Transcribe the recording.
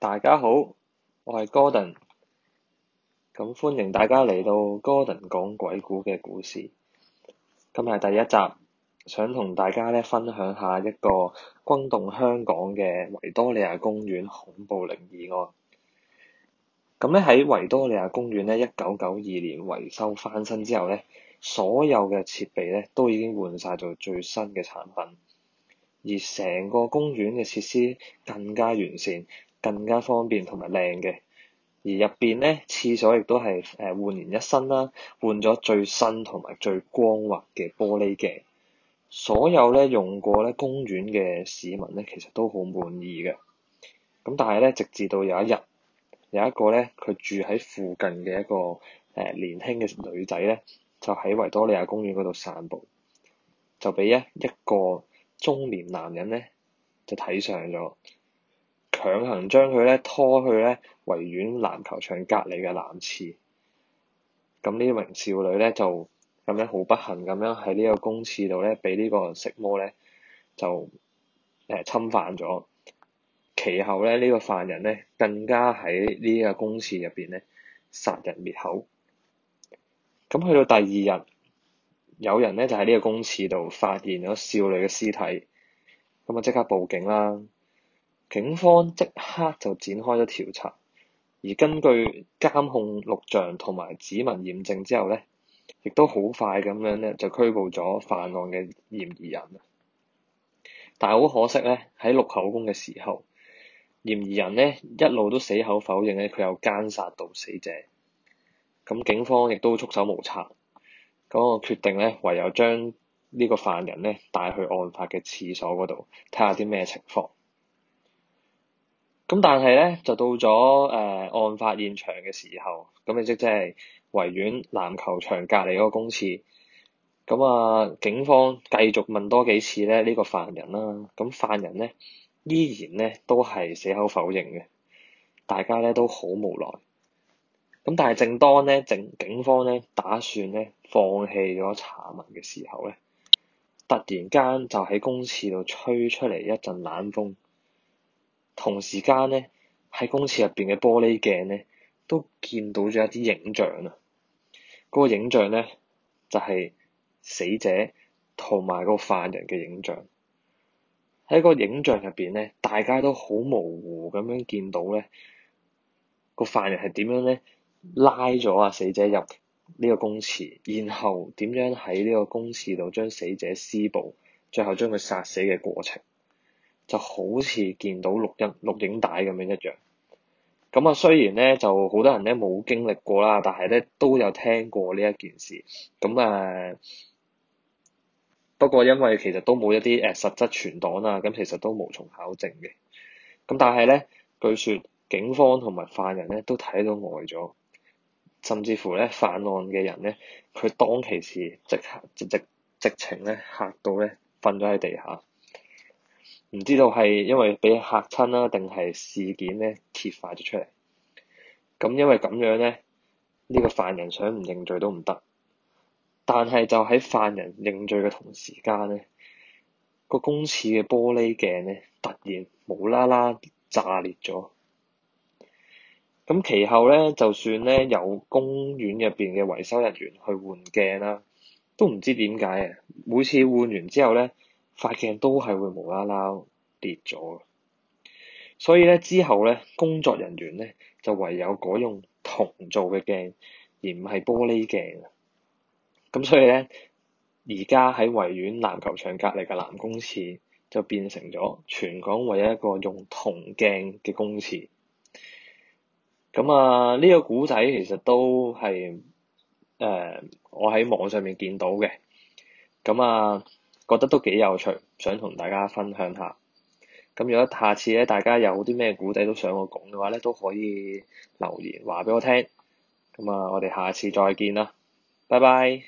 大家好，我係 Gorden，咁歡迎大家嚟到 Gorden 講鬼故嘅故事。今日第一集，想同大家咧分享下一個轟動香港嘅維多利亞公園恐怖靈異案。咁咧喺維多利亞公園咧，一九九二年維修翻新之後咧，所有嘅設備咧都已經換晒做最新嘅產品，而成個公園嘅設施更加完善。更加方便同埋靚嘅，而入邊咧廁所亦都係誒煥然一新啦，換咗最新同埋最光滑嘅玻璃鏡，所有咧用過咧公園嘅市民咧，其實都好滿意嘅。咁但係咧，直至到有一日，有一個咧，佢住喺附近嘅一個誒年輕嘅女仔咧，就喺維多利亞公園嗰度散步，就俾一一個中年男人咧就睇上咗。強行將佢咧拖去咧維園籃球場隔離嘅男廁，咁呢名少女咧就咁樣好不幸咁樣喺呢個公廁度咧，俾呢個食魔咧就誒侵犯咗。其後咧，呢個犯人咧更加喺呢個公廁入邊咧殺人滅口。咁去到第二日，有人咧就喺呢個公廁度發現咗少女嘅屍體，咁啊即刻報警啦。警方即刻就展開咗調查，而根據監控錄像同埋指紋驗證之後呢亦都好快咁樣呢就拘捕咗犯案嘅嫌疑人。但係好可惜呢，喺錄口供嘅時候，嫌疑人呢一路都死口否認呢佢有奸殺到死者。咁警方亦都束手無策，嗰個決定呢，唯有將呢個犯人呢帶去案發嘅廁所嗰度，睇下啲咩情況。咁但係咧，就到咗誒、呃、案發現場嘅時候，咁即即係維園籃球場隔離嗰個公廁。咁啊，警方繼續問多幾次咧，呢、這個犯人啦、啊，咁犯人咧依然咧都係死口否認嘅，大家咧都好無奈。咁但係，正當咧警警方咧打算咧放棄咗查問嘅時候咧，突然間就喺公廁度吹出嚟一陣冷風。同時間呢，喺公廁入邊嘅玻璃鏡呢，都見到咗一啲影像啊！嗰個影像呢，就係死者同埋個犯人嘅影像。喺個影像入邊呢，大家都好模糊咁樣見到呢個犯人係點樣呢？拉咗啊死者入呢個公廁，然後點樣喺呢個公廁度將死者施暴，最後將佢殺死嘅過程。就好似見到錄音錄影帶咁樣一樣。咁啊，雖然咧就好多人咧冇經歷過啦，但係咧都有聽過呢一件事。咁誒、啊，不過因為其實都冇一啲誒實質存檔啦，咁其實都無從考證嘅。咁但係咧，據說警方同埋犯人咧都睇到呆咗，甚至乎咧犯案嘅人咧，佢當其時直直直情咧嚇到咧瞓咗喺地下。唔知道係因為俾嚇親啦，定係事件呢揭發咗出嚟。咁因為咁樣呢，呢個犯人想唔認罪都唔得。但係就喺犯人認罪嘅同時間呢，個公廁嘅玻璃鏡呢突然無啦啦炸裂咗。咁其後呢，就算呢有公園入邊嘅維修人員去換鏡啦，都唔知點解啊！每次換完之後呢，塊鏡都係會無啦啦跌咗，所以咧之後咧，工作人員咧就唯有改用銅做嘅鏡，而唔係玻璃鏡。咁所以咧，而家喺維園籃球場隔離嘅男公廁就變成咗全港唯一一個用銅鏡嘅公廁。咁啊，呢、這個古仔其實都係誒、呃、我喺網上面見到嘅。咁啊！覺得都幾有趣，想同大家分享下。咁如果下次咧，大家有啲咩古仔都想我講嘅話咧，都可以留言話俾我聽。咁啊，我哋下次再見啦，拜拜。